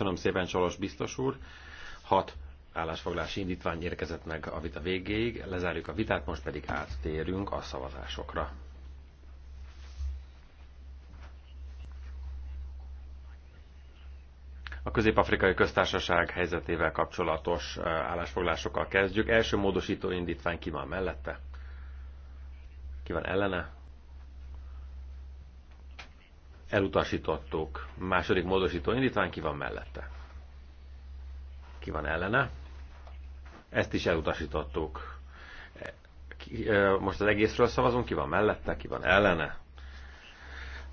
Köszönöm szépen, Csalos biztos úr. Hat állásfoglalási indítvány érkezett meg a vita végéig, lezárjuk a vitát, most pedig áttérünk a szavazásokra. A Közép-Afrikai Köztársaság helyzetével kapcsolatos állásfoglalásokkal kezdjük. Első módosító indítvány ki van mellette? Ki van ellene? elutasítottuk. Második módosító indítvány ki van mellette? Ki van ellene? Ezt is elutasítottuk. E, e, most az egészről szavazunk, ki van mellette, ki van ellene?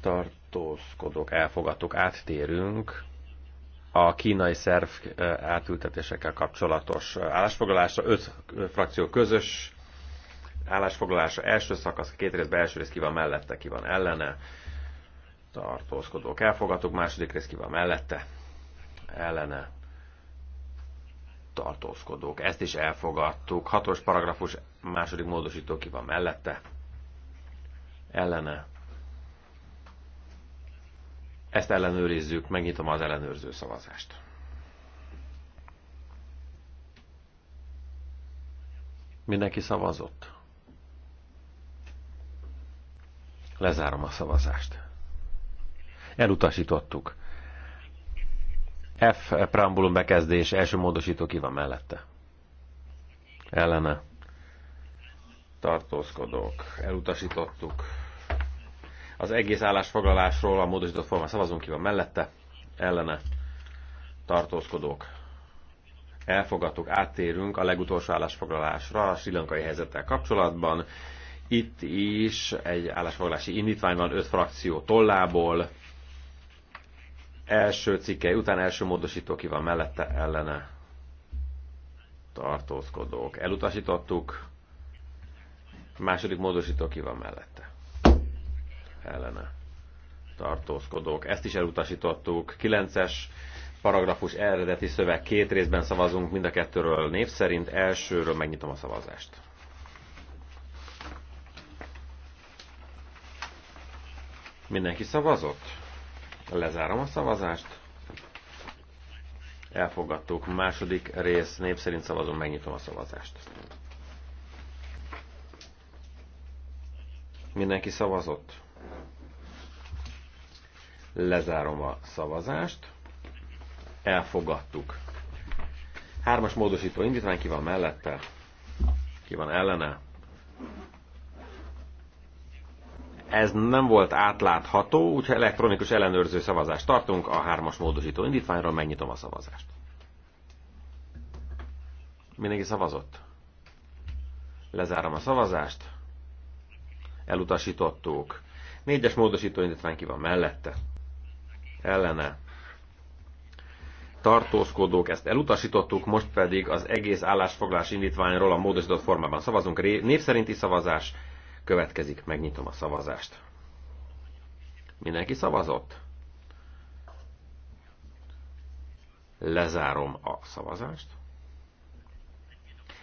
Tartózkodok, elfogadtuk, áttérünk a kínai szerv e, átültetésekkel kapcsolatos állásfoglalásra. Öt frakció közös állásfoglalása első szakasz, két részben első rész ki van mellette, ki van ellene tartózkodók elfogadtuk, második rész ki van mellette, ellene tartózkodók. Ezt is elfogadtuk. Hatos paragrafus második módosító ki van mellette, ellene. Ezt ellenőrizzük, megnyitom az ellenőrző szavazást. Mindenki szavazott? Lezárom a szavazást. Elutasítottuk. F. Preambulum bekezdés, első módosító ki van mellette? Ellene. Tartózkodók. Elutasítottuk. Az egész állásfoglalásról a módosított formán szavazunk ki van mellette? Ellene. Tartózkodók. Elfogadtuk, áttérünk a legutolsó állásfoglalásra a silankai helyzettel kapcsolatban. Itt is egy állásfoglalási indítvány van öt frakció tollából első cikkely után első módosító ki van mellette ellene tartózkodók. Elutasítottuk. Második módosító ki van mellette. Ellene tartózkodók. Ezt is elutasítottuk. 9-es paragrafus eredeti szöveg két részben szavazunk, mind a kettőről név szerint. Elsőről megnyitom a szavazást. Mindenki szavazott? Lezárom a szavazást. Elfogadtuk. Második rész név szerint szavazom, megnyitom a szavazást. Mindenki szavazott? Lezárom a szavazást. Elfogadtuk. Hármas módosító indítvány, ki van mellette? Ki van ellene? ez nem volt átlátható, úgyhogy elektronikus ellenőrző szavazást tartunk a hármas módosító indítványról, megnyitom a szavazást. Mindenki szavazott? Lezárom a szavazást. Elutasítottuk. Négyes módosító indítvány ki van mellette. Ellene. Tartózkodók, ezt elutasítottuk, most pedig az egész állásfoglás indítványról a módosított formában szavazunk. Név szerinti szavazás, Következik, megnyitom a szavazást. Mindenki szavazott? Lezárom a szavazást.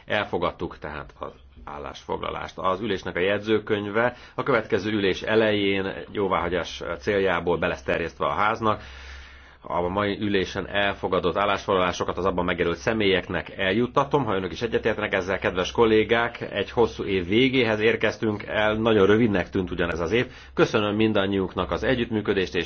Elfogadtuk tehát az állásfoglalást. Az ülésnek a jegyzőkönyve a következő ülés elején jóváhagyás céljából be lesz terjesztve a háznak a mai ülésen elfogadott állásfoglalásokat az abban megjelölt személyeknek eljuttatom. Ha önök is egyetértnek ezzel, kedves kollégák, egy hosszú év végéhez érkeztünk el, nagyon rövidnek tűnt ugyanez az év. Köszönöm mindannyiunknak az együttműködést és